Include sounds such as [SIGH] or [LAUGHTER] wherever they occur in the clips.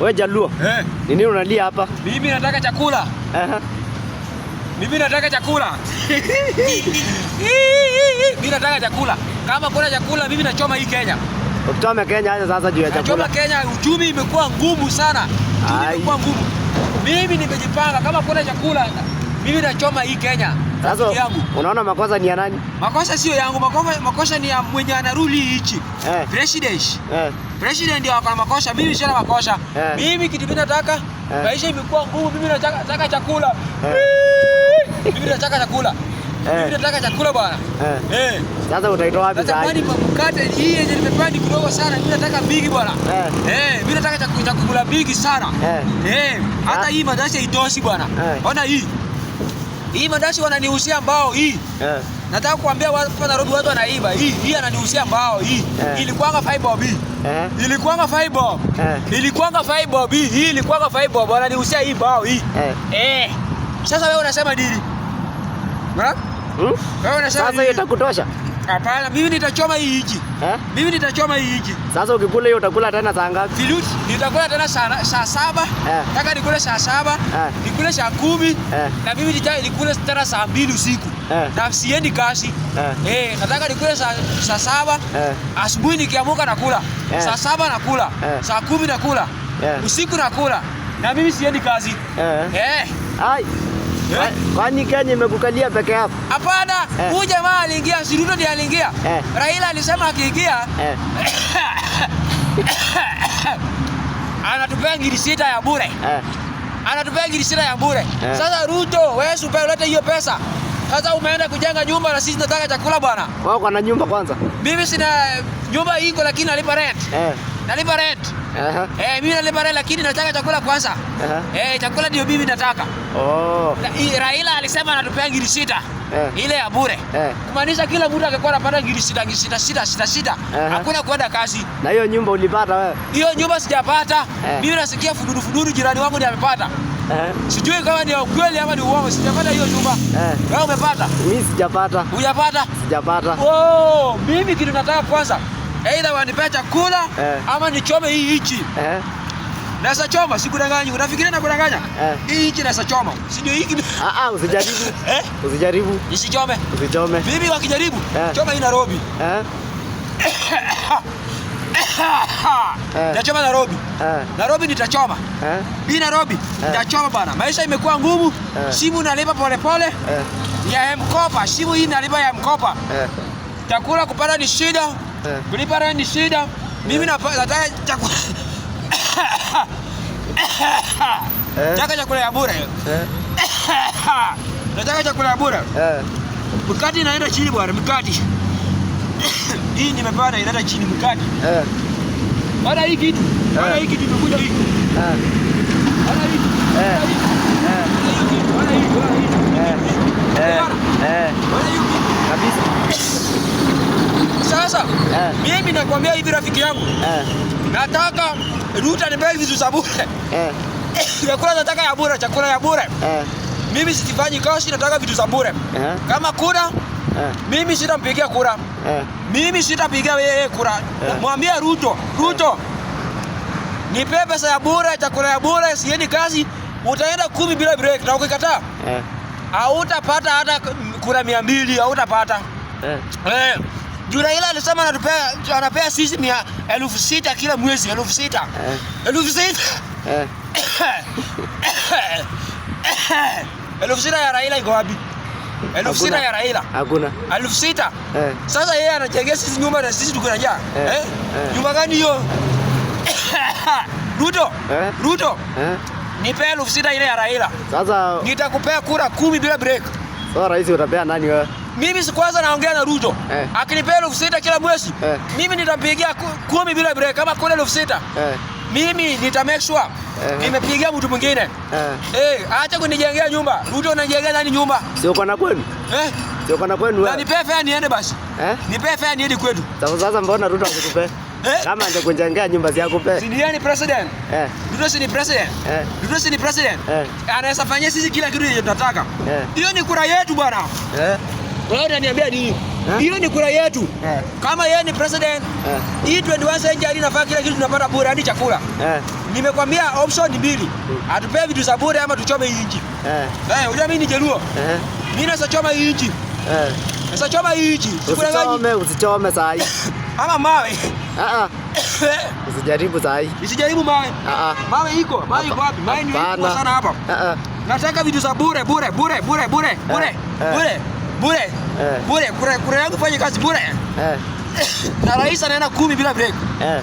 Wewe Jaluo, eh, ni nini unalia hapa? Mimi nataka chakula. Aha. Mimi nataka chakula. [LAUGHS] Mimi nataka chakula. Kama kuna chakula mimi nachoma hii Kenya. Uchome Kenya hata sasa juu ya chakula. Nachoma Kenya, uchumi imekuwa ngumu sana. imekuwa ngumu. Mimi nimejipanga kama kuna chakula mimi nachoma hii Kenya. Sasa unaona makosa ni ya nani? Makosa sio yangu, makosa, makosa ni ya mwenye anaruli hichi. Eh. President. Eh. President ndio akana makosa, mimi sio na makosa. Eh. Mimi kitu ninataka, eh. Maisha imekuwa ngumu, mimi nataka nataka chakula. Eh. Mimi nataka chakula. Eh. Mimi nataka chakula bwana. Eh. Eh. Sasa utaitoa wapi sasa? Nataka mkate hii yenye nimepanda kidogo sana, mimi nataka bigi bwana. Eh. Eh, mimi nataka chakula bigi sana. Eh. Eh, hata ah. hii madrasa itoshi bwana. Eh. Ona hii. Hii mandashi wananihushia mbao hii. Yeah. Nataka kuambia watu hapa Nairobi watu wanaiba. Hii hii ananihushia mbao hii. Yeah. Ilikuanga fiber B. Yeah. Ilikuanga fiber. Yeah. Ilikuanga fiber B. Hii ilikuanga fiber. Wananihushia hii mbao hii. Yeah. Eh. Sasa wewe unasema dili. Ha? Hmm? Wewe unasema. Sasa itakutosha. Hapana, mimi nitachoma hii hiki. Eh? Mimi nitachoma hii hiki. Sasa ukikula hiyo utakula tena saa ngapi? Filuti, nitakula tena saa saa saba. Eh. Nataka nikule saa saba. Eh. Nikule saa kumi. Eh. Na mimi nitaje nikule tena saa mbili usiku. Eh. Na siendi kazi. Eh. Eh, nataka nikule saa saa saba. Eh. Asubuhi nikiamuka nakula. Eh. Saa saba nakula. Eh. Saa kumi nakula. Eh. Usiku nakula. Na mimi siendi kazi. Eh. Eh. Ai. Eh? Kwani Kenya imekukalia peke yako? Hapana, eh. huyu jamaa aliingia, si Ruto ndiye aliingia eh. Raila alisema akiingia eh, [COUGHS] anatupea ngiri sita ya bure eh, anatupea ngiri sita ya bure eh. Sasa Ruto, wewe supe ulete hiyo pesa sasa umeenda kujenga nyumba na sisi tunataka chakula bwana. Wao na nyumba kwanza. Mimi sina nyumba iko lakini nalipa rent. Eh. Uh -huh. eh, mimi na liberate lakini nataka chakula kwanza. Uh -huh. Eh, chakula ndio mimi nataka. Oh. Na, Raila alisema anatupea ngiri sita. Eh. Ile ya bure. Eh. Kumaanisha kila mtu akikuwa anapata ngiri sita, ngiri sita, sita, sita, sita. Hakuna kwenda kazi. Na hiyo nyumba ulipata wewe? Hiyo nyumba sijapata. Eh. Mimi nasikia fuduru fuduru jirani wangu ndiye amepata. Eh. Sijui kama ni ukweli ama ni uongo. Sijapata hiyo nyumba. Eh. Wewe umepata? Mimi sijapata. Hujapata? Sijapata. Oh, mimi kitu nataka kwanza Either wanipe chakula eh, ama nichome hii nchi eh. Naweza choma, sikudanganyi. Unafikiria na kudanganya? Eh. Hii nchi naweza choma. Si ndio hiki? Ah ah, usijaribu. [LAUGHS] Eh? Usijaribu. Nisichome. Usichome. Mimi wakijaribu, eh. choma hii Nairobi. Eh? [COUGHS] eh. Nachoma Nairobi. Nairobi nitachoma. Hii Nairobi nitachoma bana. Maisha imekuwa ngumu. Simu nalipa pole pole. Ya mkopa, simu hii nalipa ya mkopa. Chakula kupata ni shida. Kulipa rent ni shida. Mimi nataka chakula. Eh? Nataka chakula ya bure. Eh? Nataka chakula ya bure. Eh. Mkati inaenda chini bwana, mkati. Hii nimepanda inaenda chini mkati. Eh. Bana hii kitu. Bana hii kitu imekuja hii. Eh. Bana hii. Eh. Eh. Bana hii. Bana hii. Eh. Eh. Bana hii kabisa. Sasa eh, mimi nakwambia hivi rafiki yangu eh, nataka Ruta nipee vitu za bure eh, [COUGHS] chakula nataka ya bure, chakula ya bure eh. Mimi sitifanyi kazi, nataka vitu za bure eh. Kama kuna eh, mimi sitampigia kura eh, mimi sitapiga yeye kura eh. Mwambie Ruto, Ruto eh. nipe pesa ya bure, chakula ya bure, siendi kazi, utaenda kumi bila break na ukikataa eh, hautapata hata kura mia mbili hautapata eh. Eh, jura ile alisema anatupea anapea sisi mia elfu sita kila mwezi elfu sita eh. elfu sita eh. [COUGHS] elfu sita ya Raila iko wapi? elfu sita ya Raila hakuna elfu sita eh. Sasa yeye anajengea sisi nyumba na sisi tuko naja eh. eh. eh. nyumba gani hiyo? [COUGHS] Ruto eh. Ruto eh. nipe elfu sita ile ya Raila sasa, nitakupea kura kumi bila break sasa rais utapea nani wewe? Mimi si kwanza naongea na Ruto. Eh. Akinipea elfu sita kila mwezi. Eh. Mimi nitampigia kumi bila break kama kule elfu sita. Eh. Mimi nita make sure eh, nimepigia mtu mwingine. Eh. Eh, acha kunijengea nyumba. Ruto unajengea nani nyumba? Sio kwa na kwenu. Eh. Sio kwa na kwenu wewe. Na nipe fare niende basi. Eh. Nipe fare niende kwetu. Sasa sasa mbona Ruto akutupe? Eh? Kama ndio kujengea nyumba zako pe. Si ndiye ni president? Eh. Dudu si ni president? Eh. Dudu si ni president? Eh. Anaweza fanyia sisi kila kitu tunataka. Eh. Hiyo ni kura yetu bwana. Eh. Wewe unaniambia nini? Eh. Hiyo ni kura yetu. Eh. Kama yeye ni president, eh. hii 21 century inafaa kila kitu tunapata bure hadi yaani chakula. Eh. Nimekwambia option ni mbili. Mm. Atupe vitu za bure ama tuchome hii nchi. Eh. Eh, unajua mimi ni Jaluo. Eh. Mimi nasa choma hii nchi. Eh. Nasa choma hii nchi. Usichome, usichome sasa. hii. [LAUGHS] Ama mawe. Ah, ah. [COUGHS] Usijaribu hii. Usijaribu mawe. Ah, mawe iko, mawe iko wapi? Mawe ni iko sana hapa. Nataka vitu za bure bure bure bure bure eh, eh. bure bure eh. bure bure bure bure bure bure bure bure. Na rais bure bure bure bure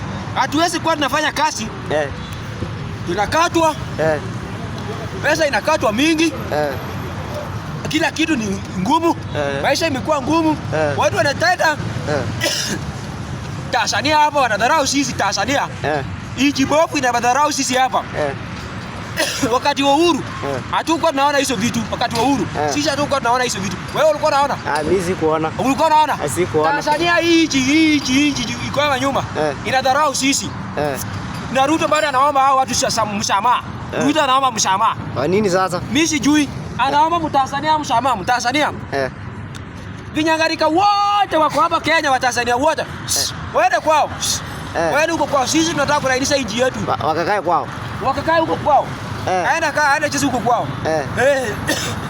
hatuwezi kuwa tunafanya kazi eh. Tunakatwa eh. Pesa inakatwa mingi eh. Kila kitu ni ngumu eh. Maisha imekuwa ngumu eh. Watu wanateta eh. Tanzania hapa wanadharau sisi Tanzania yeah. Ijibofu inadharau sisi hapa eh. [COUGHS] wakati wa uhuru eh. hatukuwa tunaona hizo vitu. Wakati wa uhuru eh. sisi hatukuwa tunaona hizo vitu. Wewe ulikuwa unaona? Ah, mimi sikuona. Ulikuwa unaona? Sikuona. Tanzania hii hii hii hii iko nyuma eh. inadharau sisi na Ruto bado anaomba hao watu msamaha. Ruto anaomba msamaha. Kwa nini sasa? Mimi sijui. Anaomba Mtanzania msamaha, Mtanzania. Eh. Vinyangarika wote wako hapa Kenya, Watanzania wote. Waende kwao. Waende huko kwao. Sisi tunataka kulainisha nchi yetu. Wakakae kwao. Wakakae huko kwao. Eh. aenda kaa aenda cheza huko kwao. Eh. Eh. [COUGHS]